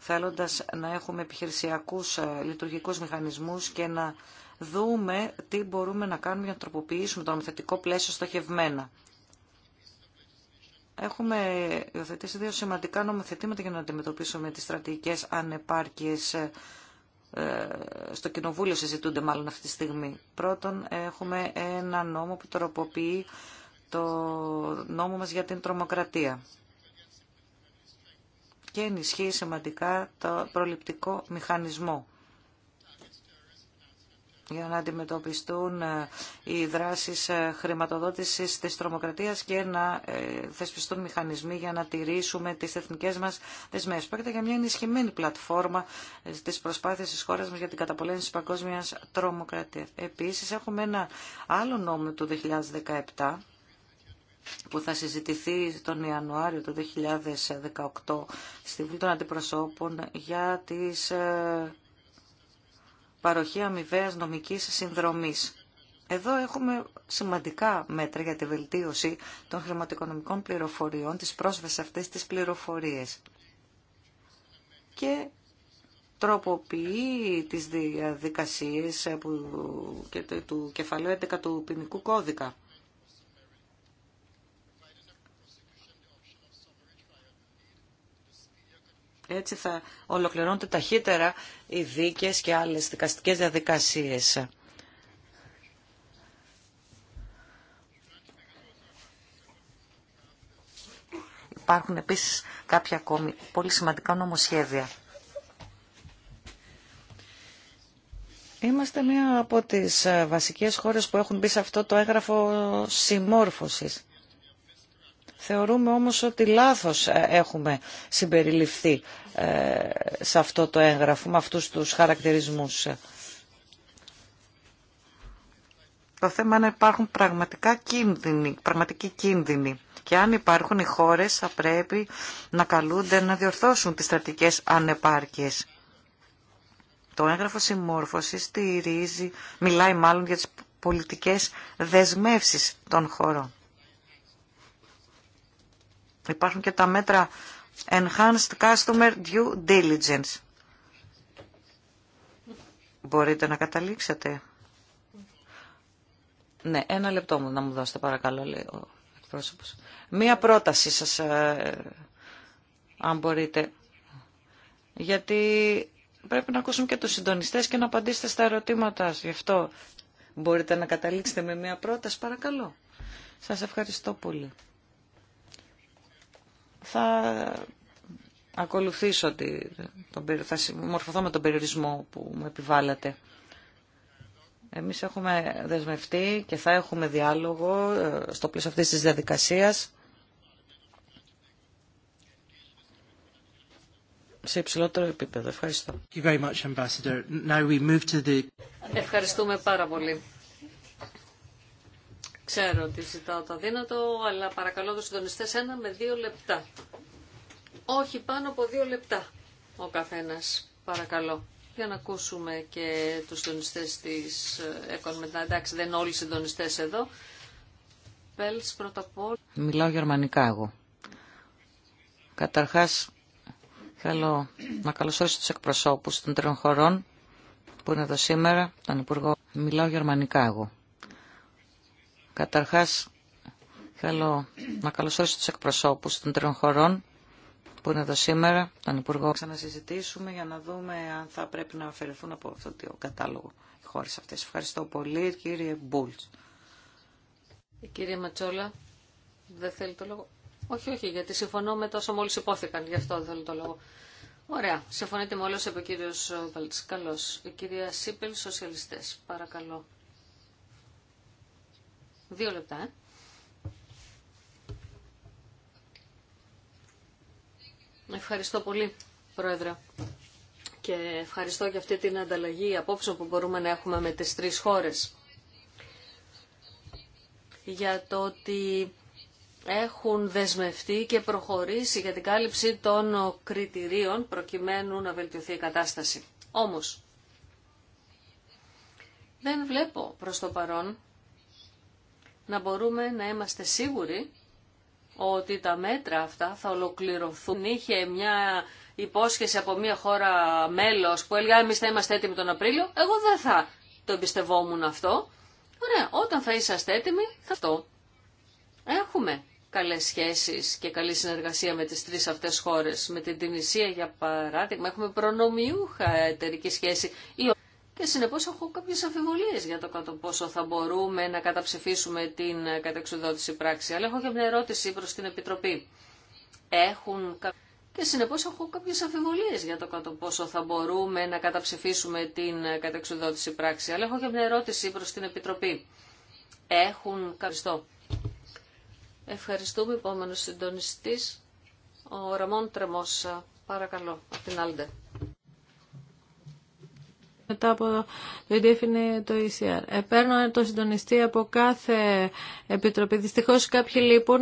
θέλοντας να έχουμε επιχειρησιακούς ε, λειτουργικούς μηχανισμούς και να δούμε τι μπορούμε να κάνουμε για να τροποποιήσουμε το νομοθετικό πλαίσιο στοχευμένα. Έχουμε υιοθετήσει δύο σημαντικά νομοθετήματα για να αντιμετωπίσουμε τις στρατηγικές ανεπάρκειες ε, στο Κοινοβούλιο συζητούνται μάλλον αυτή τη στιγμή. Πρώτον, έχουμε ένα νόμο που τροποποιεί το νόμο μας για την τρομοκρατία και ενισχύει σημαντικά το προληπτικό μηχανισμό για να αντιμετωπιστούν ε, οι δράσεις ε, χρηματοδότησης της τρομοκρατίας και να ε, θεσπιστούν μηχανισμοί για να τηρήσουμε τις εθνικές μας δεσμεύσεις. Πρόκειται για μια ενισχυμένη πλατφόρμα της προσπάθειας της χώρας μας για την καταπολέμηση της παγκόσμιας τρομοκρατίας. Επίσης έχουμε ένα άλλο νόμο του 2017 που θα συζητηθεί τον Ιανουάριο του 2018 στη Βουλή των Αντιπροσώπων για τις παροχή αμοιβαία νομικής συνδρομής. Εδώ έχουμε σημαντικά μέτρα για τη βελτίωση των χρηματοοικονομικών πληροφοριών, της πρόσβασης αυτές της πληροφορίες. Και τροποποιεί τις διαδικασίες του κεφαλαίου 11 του ποινικού κώδικα. Έτσι θα ολοκληρώνονται ταχύτερα οι δίκες και άλλες δικαστικές διαδικασίες. Υπάρχουν επίσης κάποια ακόμη πολύ σημαντικά νομοσχέδια. Είμαστε μία από τις ε, βασικές χώρες που έχουν μπει σε αυτό το έγγραφο συμμόρφωσης. Θεωρούμε όμως ότι λάθος ε, έχουμε συμπεριληφθεί ε, σε αυτό το έγγραφο, με αυτούς τους χαρακτηρισμούς. Το θέμα είναι να υπάρχουν πραγματικά κίνδυνοι, πραγματικοί κίνδυνοι. Και αν υπάρχουν οι χώρες θα πρέπει να καλούνται να διορθώσουν τις στρατικές ανεπάρκειες. Το έγγραφο συμμόρφωση στηρίζει, μιλάει μάλλον για τις πολιτικές δεσμεύσεις των χωρών. Υπάρχουν και τα μέτρα Enhanced Customer Due Diligence. Μπορείτε να καταλήξετε. Ναι, ένα λεπτό μου να μου δώσετε παρακαλώ, λέει ο εκπρόσωπος. Μία πρόταση σας, ε, αν μπορείτε. Γιατί πρέπει να ακούσουμε και τους συντονιστές και να απαντήσετε στα ερωτήματά Γι' αυτό μπορείτε να καταλήξετε με μία πρόταση, παρακαλώ. Σας ευχαριστώ πολύ θα ακολουθήσω, θα συμμορφωθώ με τον περιορισμό που μου επιβάλλατε. Εμείς έχουμε δεσμευτεί και θα έχουμε διάλογο ε, στο πλαίσιο αυτής της διαδικασίας σε υψηλότερο επίπεδο. Ευχαριστώ. Ευχαριστούμε πάρα πολύ. Ξέρω ότι ζητάω το αδύνατο, αλλά παρακαλώ του συντονιστές ένα με δύο λεπτά. Όχι πάνω από δύο λεπτά ο καθένας, παρακαλώ. Για να ακούσουμε και τους συντονιστές της ΕΚΟΝ μετά. Εντάξει, δεν είναι όλοι οι συντονιστές εδώ. Πέλς, πρώτα Μιλάω γερμανικά εγώ. Καταρχάς, θέλω να καλωσορίσω τους εκπροσώπους των τριών χωρών που είναι εδώ σήμερα, τον Υπουργό. Μιλάω γερμανικά εγώ. Καταρχάς, θέλω να καλωσορίσω τους εκπροσώπους των τριών χωρών που είναι εδώ σήμερα, τον Υπουργό. Ξανασυζητήσουμε για να δούμε αν θα πρέπει να αφαιρεθούν από αυτό το κατάλογο οι χώρες αυτές. Ευχαριστώ πολύ, κύριε Μπούλτς. Η κύριε Ματσόλα, δεν θέλει το λόγο. Όχι, όχι, γιατί συμφωνώ με τόσο μόλις υπόθηκαν, γι' αυτό δεν θέλω το λόγο. Ωραία. Συμφωνείτε με όλους, είπε ο κύριος Βαλτς. Καλώς. Η κυρία Σίπελ, σοσιαλιστές. Παρακαλώ. Δύο λεπτά. Ε. Ευχαριστώ πολύ, Πρόεδρε. Και ευχαριστώ για αυτή την ανταλλαγή απόψεων που μπορούμε να έχουμε με τις τρεις χώρες. Για το ότι έχουν δεσμευτεί και προχωρήσει για την κάλυψη των κριτηρίων προκειμένου να βελτιωθεί η κατάσταση. Όμως, δεν βλέπω προς το παρόν να μπορούμε να είμαστε σίγουροι ότι τα μέτρα αυτά θα ολοκληρωθούν. Είχε μια υπόσχεση από μια χώρα μέλος που έλεγε εμεί θα είμαστε έτοιμοι τον Απρίλιο, εγώ δεν θα το εμπιστευόμουν αυτό. Ωραία, όταν θα είσαστε έτοιμοι θα το. Έχουμε καλές σχέσεις και καλή συνεργασία με τις τρεις αυτές χώρες. Με την Τινησία για παράδειγμα έχουμε προνομιούχα εταιρική σχέση. Και συνεπώς έχω κάποιες αμφιβολίες για το κατά πόσο θα μπορούμε να καταψηφίσουμε την κατεξουδότηση πράξη. Αλλά έχω και μια ερώτηση προς την Επιτροπή. Έχουν και συνεπώς έχω κάποιες αμφιβολίες για το κατά πόσο θα μπορούμε να καταψηφίσουμε την κατεξουδότηση πράξη. Αλλά έχω και μια ερώτηση προς την Επιτροπή. Έχουν... Ευχαριστώ. Ευχαριστούμε. Επόμενος συντονιστής, ο Ραμόν Τρεμόσα. Παρακαλώ, από την Άλντε μετά από το EDF το ECR. Ε, παίρνω το συντονιστή από κάθε επιτροπή. Δυστυχώς κάποιοι λείπουν,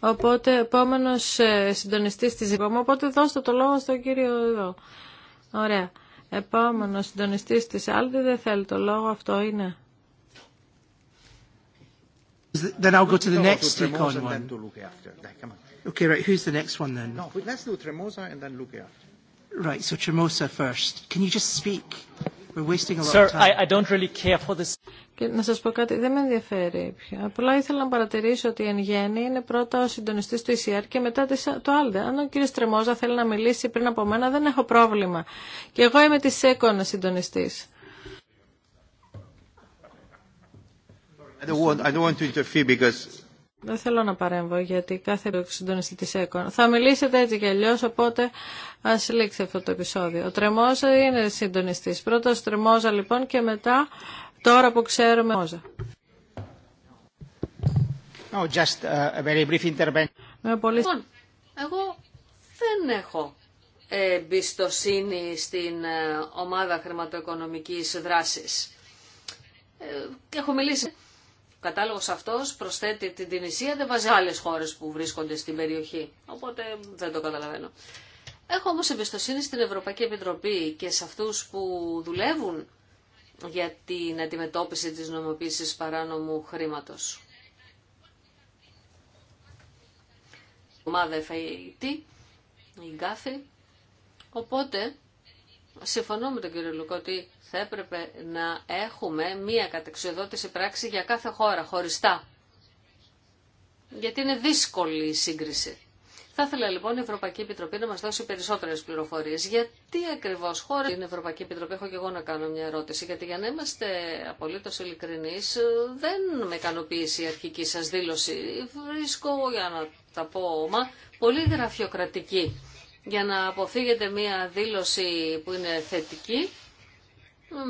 οπότε επόμενος ε, συντονιστής της ΕΠΟΜ, οπότε δώστε το λόγο στον κύριο εδώ. Ωραία. Επόμενος συντονιστής της Άλδη δεν θέλει το λόγο, αυτό είναι. Then I'll go to the next one. Okay, right, who's the next one then? No, let's do Tremosa and then Luke after. Right, so Tremosa first. Can you just speak? να σα πω κάτι, δεν με ενδιαφέρει πια. Απλά ήθελα να παρατηρήσω ότι εν γέννη είναι πρώτα ο συντονιστής του ECR και μετά το ALDE. Αν ο κύριος Τρεμόζα θέλει να μιλήσει πριν από μένα, δεν έχω πρόβλημα. Και εγώ είμαι τη έκονα συντονιστής. Δεν θέλω να παρέμβω γιατί κάθε συντονιστή τη έκονα. Θα μιλήσετε έτσι κι αλλιώ, οπότε α λήξει αυτό το επεισόδιο. Ο Τρεμόζα είναι συντονιστή. Πρώτα ο Τρεμόζα λοιπόν και μετά τώρα που ξέρουμε. No, just uh, a very brief intervention. Λοιπόν, εγώ δεν έχω εμπιστοσύνη στην ε, ομάδα χρηματοοικονομικής δράσης. Ε, έχω μιλήσει κατάλογος αυτός προσθέτει την Τινησία, δεν βάζει άλλες χώρες που βρίσκονται στην περιοχή. Οπότε δεν το καταλαβαίνω. Έχω όμως εμπιστοσύνη στην Ευρωπαϊκή Επιτροπή και σε αυτούς που δουλεύουν για την αντιμετώπιση της νομοποίησης παράνομου χρήματος. Ομάδα FAT, η Γκάφη. Οπότε συμφωνώ με τον κύριο Λουκό ότι θα έπρεπε να έχουμε μία κατεξοδότηση πράξη για κάθε χώρα χωριστά. Γιατί είναι δύσκολη η σύγκριση. Θα ήθελα λοιπόν η Ευρωπαϊκή Επιτροπή να μας δώσει περισσότερες πληροφορίες. Γιατί ακριβώς χώρα την Ευρωπαϊκή Επιτροπή, έχω και εγώ να κάνω μια ερώτηση, γιατί για να είμαστε απολύτως ειλικρινείς, δεν με ικανοποιήσει η αρχική σας δήλωση. Βρίσκω, για να τα πω όμα, πολύ γραφειοκρατική για να αποφύγετε μία δήλωση που είναι θετική.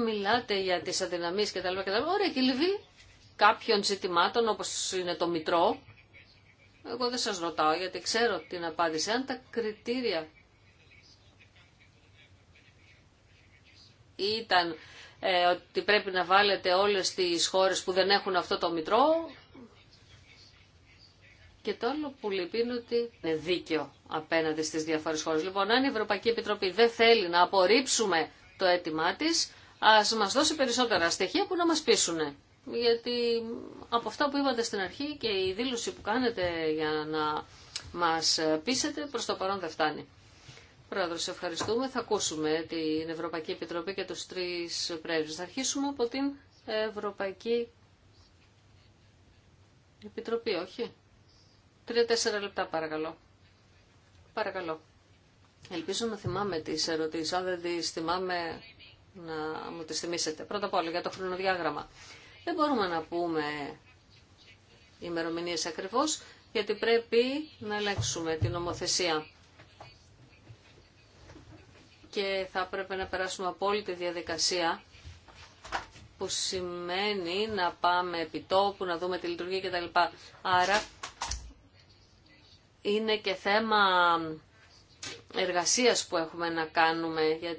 Μιλάτε για τις αδυναμίες κτλ. τα Ωραία και λοιπόν κάποιων ζητημάτων όπως είναι το μητρό. Εγώ δεν σας ρωτάω γιατί ξέρω την απάντηση. Αν τα κριτήρια ήταν ε, ότι πρέπει να βάλετε όλες τις χώρες που δεν έχουν αυτό το μητρό, και το άλλο που λυπεί είναι ότι είναι δίκαιο απέναντι στις διαφορές χώρες. Λοιπόν, αν η Ευρωπαϊκή Επιτροπή δεν θέλει να απορρίψουμε το αίτημά της, ας μας δώσει περισσότερα στοιχεία που να μας πείσουν. Γιατί από αυτά που είπατε στην αρχή και η δήλωση που κάνετε για να μας πείσετε, προς το παρόν δεν φτάνει. Πρόεδρο, ευχαριστούμε. Θα ακούσουμε την Ευρωπαϊκή Επιτροπή και τους τρεις πρέσβες. Θα αρχίσουμε από την Ευρωπαϊκή Επιτροπή, όχι. Τρία-τέσσερα λεπτά παρακαλώ. Παρακαλώ. Ελπίζω να θυμάμαι τις ερωτήσεις. Αν δεν τις θυμάμαι να μου τις θυμίσετε. Πρώτα απ' όλα για το χρονοδιάγραμμα. Δεν μπορούμε να πούμε ημερομηνίε ακριβώ γιατί πρέπει να ελέγξουμε την νομοθεσία. Και θα πρέπει να περάσουμε από όλη τη διαδικασία που σημαίνει να πάμε επί να δούμε τη λειτουργία κτλ. Άρα είναι και θέμα εργασίας που έχουμε να κάνουμε για,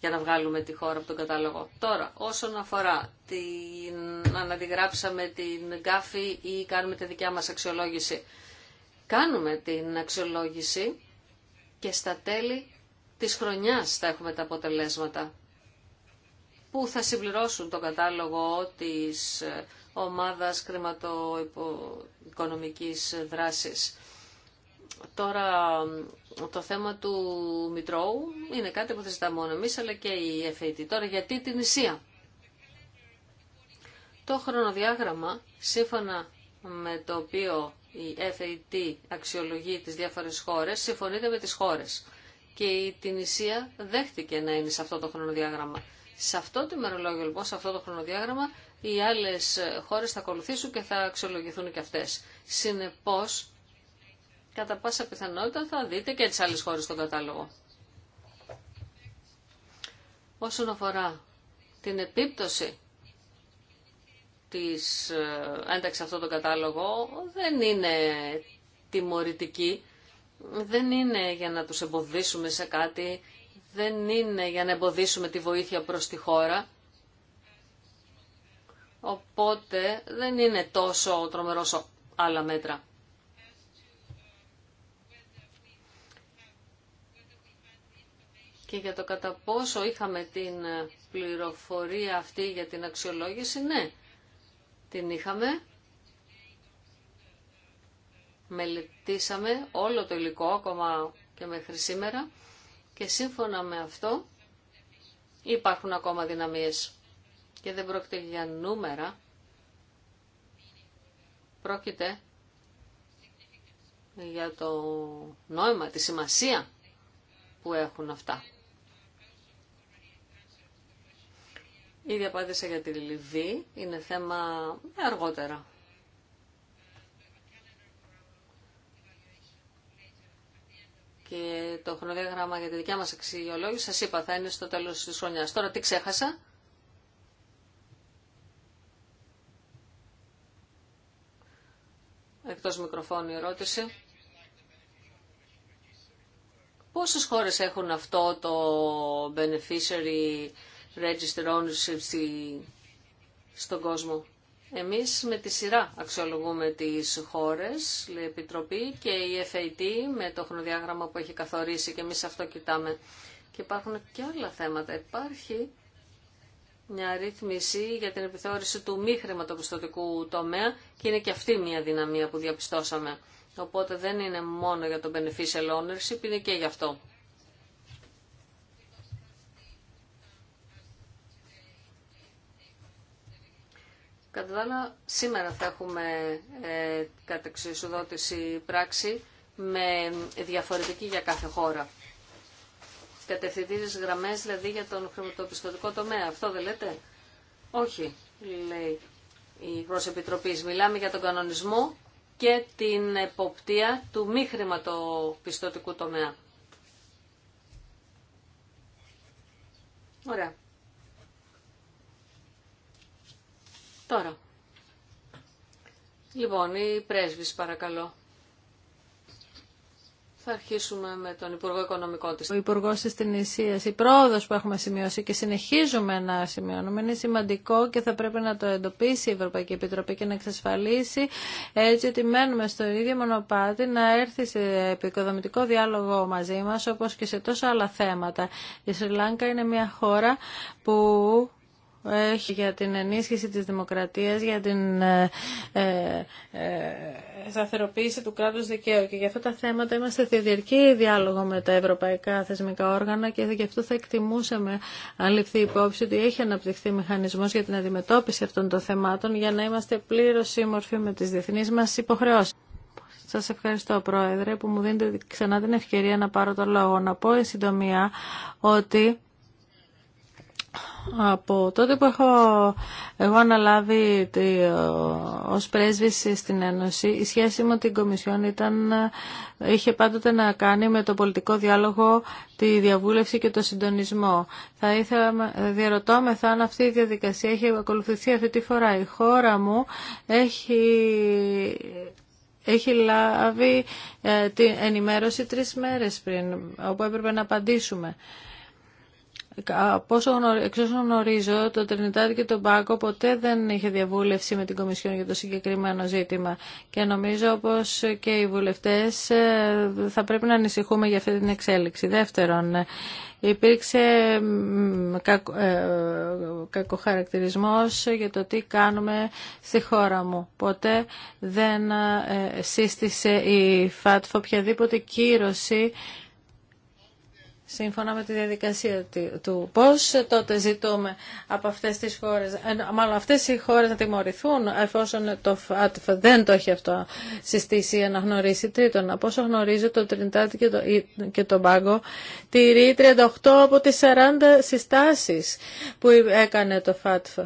για να βγάλουμε τη χώρα από τον κατάλογο. Τώρα, όσον αφορά την αναδιγράψαμε την γκάφη ή κάνουμε τη δικιά μας αξιολόγηση. Κάνουμε την αξιολόγηση και στα τέλη της χρονιάς θα έχουμε τα αποτελέσματα που θα συμπληρώσουν τον κατάλογο της ομάδας κρηματοοικονομικής δράσης. Τώρα το θέμα του Μητρώου είναι κάτι που θα ζητά μόνο εμείς αλλά και η FAT. Τώρα γιατί την Ισία. Το χρονοδιάγραμμα σύμφωνα με το οποίο η FAT αξιολογεί τις διάφορες χώρες συμφωνείται με τις χώρες. Και η Τινησία δέχτηκε να είναι σε αυτό το χρονοδιάγραμμα. Σε αυτό το ημερολόγιο λοιπόν, σε αυτό το χρονοδιάγραμμα, οι άλλες χώρες θα ακολουθήσουν και θα αξιολογηθούν και αυτές. Συνεπώς, κατά πάσα πιθανότητα θα δείτε και τις άλλες χώρες στον κατάλογο. Όσον αφορά την επίπτωση της ε, ένταξης αυτό το κατάλογο, δεν είναι τιμωρητική, δεν είναι για να τους εμποδίσουμε σε κάτι, δεν είναι για να εμποδίσουμε τη βοήθεια προς τη χώρα. Οπότε δεν είναι τόσο τρομερό άλλα μέτρα. και για το κατά πόσο είχαμε την πληροφορία αυτή για την αξιολόγηση, ναι, την είχαμε. Μελετήσαμε όλο το υλικό ακόμα και μέχρι σήμερα και σύμφωνα με αυτό υπάρχουν ακόμα δυναμίες και δεν πρόκειται για νούμερα. Πρόκειται για το νόημα, τη σημασία που έχουν αυτά. Ήδη απάντησα για τη Λιβύη. Είναι θέμα αργότερα. Και το χρονοδιάγραμμα για τη δικιά μας αξιολόγηση, σας είπα, θα είναι στο τέλος της χρονιάς. Τώρα τι ξέχασα. Εκτός μικροφώνου η ερώτηση. Πόσες χώρες έχουν αυτό το beneficiary register ownership στη... στον κόσμο. Εμείς με τη σειρά αξιολογούμε τις χώρες, η Επιτροπή και η FAT με το χρονοδιάγραμμα που έχει καθορίσει και εμείς αυτό κοιτάμε. Και υπάρχουν και άλλα θέματα. Υπάρχει μια ρύθμιση για την επιθεώρηση του μη χρηματοπιστωτικού τομέα και είναι και αυτή μια δυναμία που διαπιστώσαμε. Οπότε δεν είναι μόνο για το beneficial ownership, είναι και γι' αυτό. Κατά τα άλλα, σήμερα θα έχουμε ε, πράξη με διαφορετική για κάθε χώρα. Κατευθυντήριες γραμμές δηλαδή για τον χρηματοπιστωτικό τομέα. Αυτό δεν λέτε. Όχι, λέει η Επιτροπής. Μιλάμε για τον κανονισμό και την εποπτεία του μη χρηματοπιστωτικού τομέα. Ωραία. Τώρα. Λοιπόν, η πρέσβης παρακαλώ. Θα αρχίσουμε με τον Υπουργό Οικονομικών της. Ο Υπουργό τη Τινησία, η πρόοδο που έχουμε σημειώσει και συνεχίζουμε να σημειώνουμε είναι σημαντικό και θα πρέπει να το εντοπίσει η Ευρωπαϊκή Επιτροπή και να εξασφαλίσει έτσι ότι μένουμε στο ίδιο μονοπάτι, να έρθει σε επικοδομητικό διάλογο μαζί μα όπω και σε τόσα άλλα θέματα. Η Σρι είναι μια χώρα που έχει για την ενίσχυση της δημοκρατίας, για την ε, ε, ε, σταθεροποίηση του κράτους δικαίου. Και για αυτά τα θέματα είμαστε σε διάλογο με τα ευρωπαϊκά θεσμικά όργανα και γι' αυτό θα εκτιμούσαμε, αν ληφθεί υπόψη, ότι έχει αναπτυχθεί μηχανισμός για την αντιμετώπιση αυτών των θεμάτων για να είμαστε πλήρως σύμμορφοι με τις διεθνείς μας υποχρεώσεις. Σα ευχαριστώ Πρόεδρε που μου δίνετε ξανά την ευκαιρία να πάρω το λόγο. Να πω εν συντομία ότι από τότε που έχω εγώ αναλάβει τη ως πρέσβης στην Ένωση, η σχέση μου με την Κομισιόν ήταν, είχε πάντοτε να κάνει με το πολιτικό διάλογο, τη διαβούλευση και το συντονισμό. Θα ήθελα, διαρωτώ μεθά αν αυτή η διαδικασία έχει ακολουθηθεί αυτή τη φορά. Η χώρα μου έχει έχει λάβει ε, την ενημέρωση τρεις μέρες πριν, όπου έπρεπε να απαντήσουμε. Πόσο εξ όσων γνωρίζω, το Τρινιτάρι και το Μπάκο ποτέ δεν είχε διαβούλευση με την Κομισιόν για το συγκεκριμένο ζήτημα. Και νομίζω, όπως και οι βουλευτές, ε, θα πρέπει να ανησυχούμε για αυτή την εξέλιξη. Δεύτερον, υπήρξε κακο, ε, κακοχαρακτηρισμός για το τι κάνουμε στη χώρα μου. Ποτέ δεν ε, σύστησε η ΦΑΤΦΟ οποιαδήποτε κύρωση σύμφωνα με τη διαδικασία του. Πώς τότε ζητούμε από αυτές τις χώρες, ε, μάλλον αυτές οι χώρες να τιμωρηθούν εφόσον το ΦΑΤΦ δεν το έχει αυτό συστήσει να γνωρίσει Τρίτον, από όσο γνωρίζω το Τριντάτι και το, και το Μπάγκο τηρεί 38 από τις 40 συστάσεις που έκανε το ΦΑΤΦ. Ε,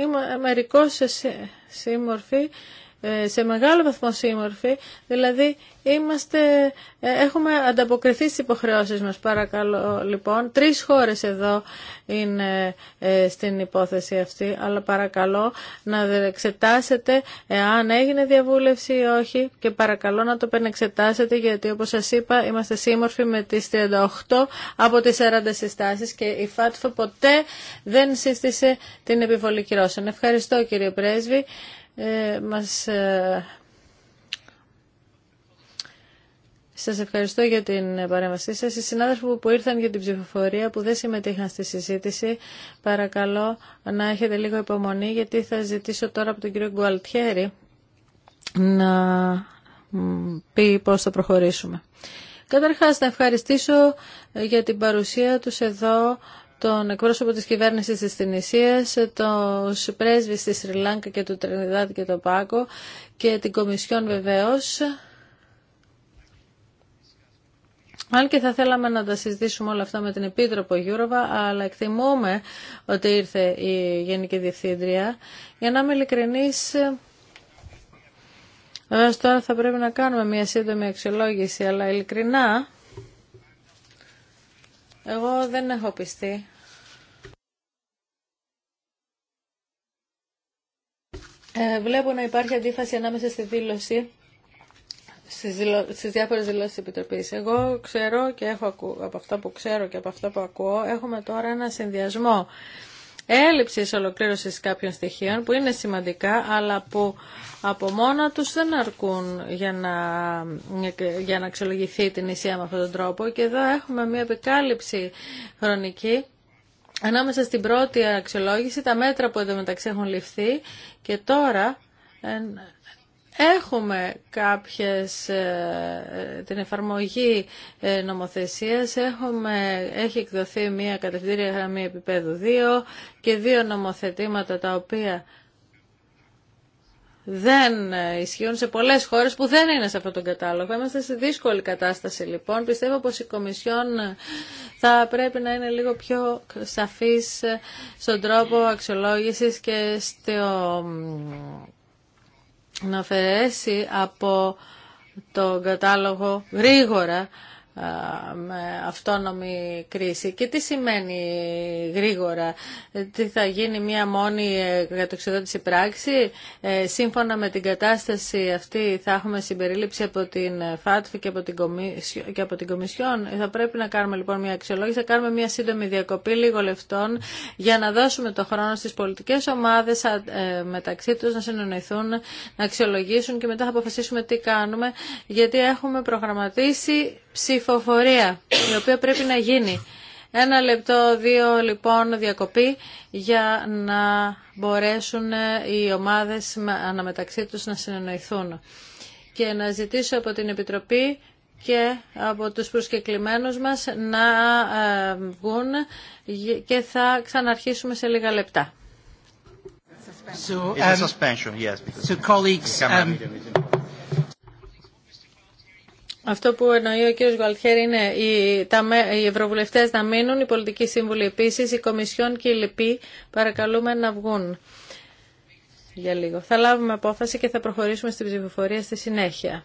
είμαι μερικώς σύμμορφη ε, σε μεγάλο βαθμό σύμμορφοι, δηλαδή είμαστε, ε, έχουμε ανταποκριθεί στις υποχρεώσεις μας παρακαλώ λοιπόν. Τρεις χώρες εδώ είναι ε, στην υπόθεση αυτή, αλλά παρακαλώ να εξετάσετε εάν έγινε διαβούλευση ή όχι και παρακαλώ να το πενεξετάσετε γιατί όπως σας είπα είμαστε σύμμορφοι με τις 38 από τις 40 συστάσεις και η ΦΑΤΦΟ ποτέ δεν σύστησε την επιβολή κυρώσεων. Ευχαριστώ κύριε Πρέσβη. Ε, μας ε, σας ευχαριστώ για την παρέμβασή σας. Οι συνάδελφοι που ήρθαν για την ψηφοφορία που δεν συμμετείχαν στη συζήτηση, παρακαλώ να έχετε λίγο υπομονή γιατί θα ζητήσω τώρα από τον κύριο Γκουαλτιέρη να πει πώς θα προχωρήσουμε. Καταρχάς να ευχαριστήσω για την παρουσία τους εδώ τον εκπρόσωπο της κυβέρνησης της Τινησίας, τους πρέσβεις της Σριλάνκα και του Τρινιδάτη και το Πάκο και την Κομισιόν βεβαίως. Αν και θα θέλαμε να τα συζητήσουμε όλα αυτά με την Επίτροπο Γιούροβα, αλλά εκτιμούμε ότι ήρθε η Γενική Διευθύντρια. Για να είμαι ειλικρινής, Βέβαια, τώρα θα πρέπει να κάνουμε μια σύντομη αξιολόγηση, αλλά ειλικρινά, εγώ δεν έχω πιστεί Ε, βλέπω να υπάρχει αντίφαση ανάμεσα στη δήλωση στις, δηλω... στις διάφορες δηλώσεις της Επιτροπής. Εγώ ξέρω και έχω από αυτά που ξέρω και από αυτά που ακούω, έχουμε τώρα ένα συνδυασμό έλλειψης ολοκλήρωση κάποιων στοιχείων που είναι σημαντικά αλλά που από μόνα τους δεν αρκούν για να, για να αξιολογηθεί την νησία με αυτόν τον τρόπο και εδώ έχουμε μια επικάλυψη χρονική Ανάμεσα στην πρώτη αξιολόγηση, τα μέτρα που μεταξύ έχουν ληφθεί και τώρα Έχουμε κάποιες, ε, την εφαρμογή ε, νομοθεσίας, έχουμε, έχει εκδοθεί μια κατευθύντρια γραμμή επίπεδου 2 και δύο νομοθετήματα τα οποία δεν ισχύουν σε πολλές χώρες που δεν είναι σε αυτόν τον κατάλογο. Είμαστε σε δύσκολη κατάσταση λοιπόν. Πιστεύω πως η Κομισιόν θα πρέπει να είναι λίγο πιο σαφής στον τρόπο αξιολόγησης και στο... να αφαιρέσει από τον κατάλογο γρήγορα με αυτόνομη κρίση. Και τι σημαίνει γρήγορα, τι θα γίνει μια μόνη ε, κατοξιδότηση πράξη. Ε, σύμφωνα με την κατάσταση αυτή θα έχουμε συμπερίληψη από την ΦΑΤΦ και από την, Κομισιό, και από την Κομισιόν. Θα πρέπει να κάνουμε λοιπόν μια αξιολόγηση, θα κάνουμε μια σύντομη διακοπή λίγο λεφτών για να δώσουμε το χρόνο στις πολιτικές ομάδες ε, μεταξύ τους να συνεννοηθούν, να αξιολογήσουν και μετά θα αποφασίσουμε τι κάνουμε γιατί έχουμε προγραμματίσει ψήφο ψηφοφορία, η οποία πρέπει να γίνει. Ένα λεπτό, δύο λοιπόν διακοπή για να μπορέσουν οι ομάδες αναμεταξύ τους να συνεννοηθούν. Και να ζητήσω από την Επιτροπή και από τους προσκεκλημένους μας να ε, βγουν και θα ξαναρχίσουμε σε λίγα λεπτά. So, um, αυτό που εννοεί ο κ. Γουαλτιέρη είναι οι, τα, οι ευρωβουλευτές να μείνουν, οι πολιτικοί σύμβουλοι επίσης, οι κομισιόν και οι λοιποί παρακαλούμε να βγουν για λίγο. Θα λάβουμε απόφαση και θα προχωρήσουμε στην ψηφοφορία στη συνέχεια.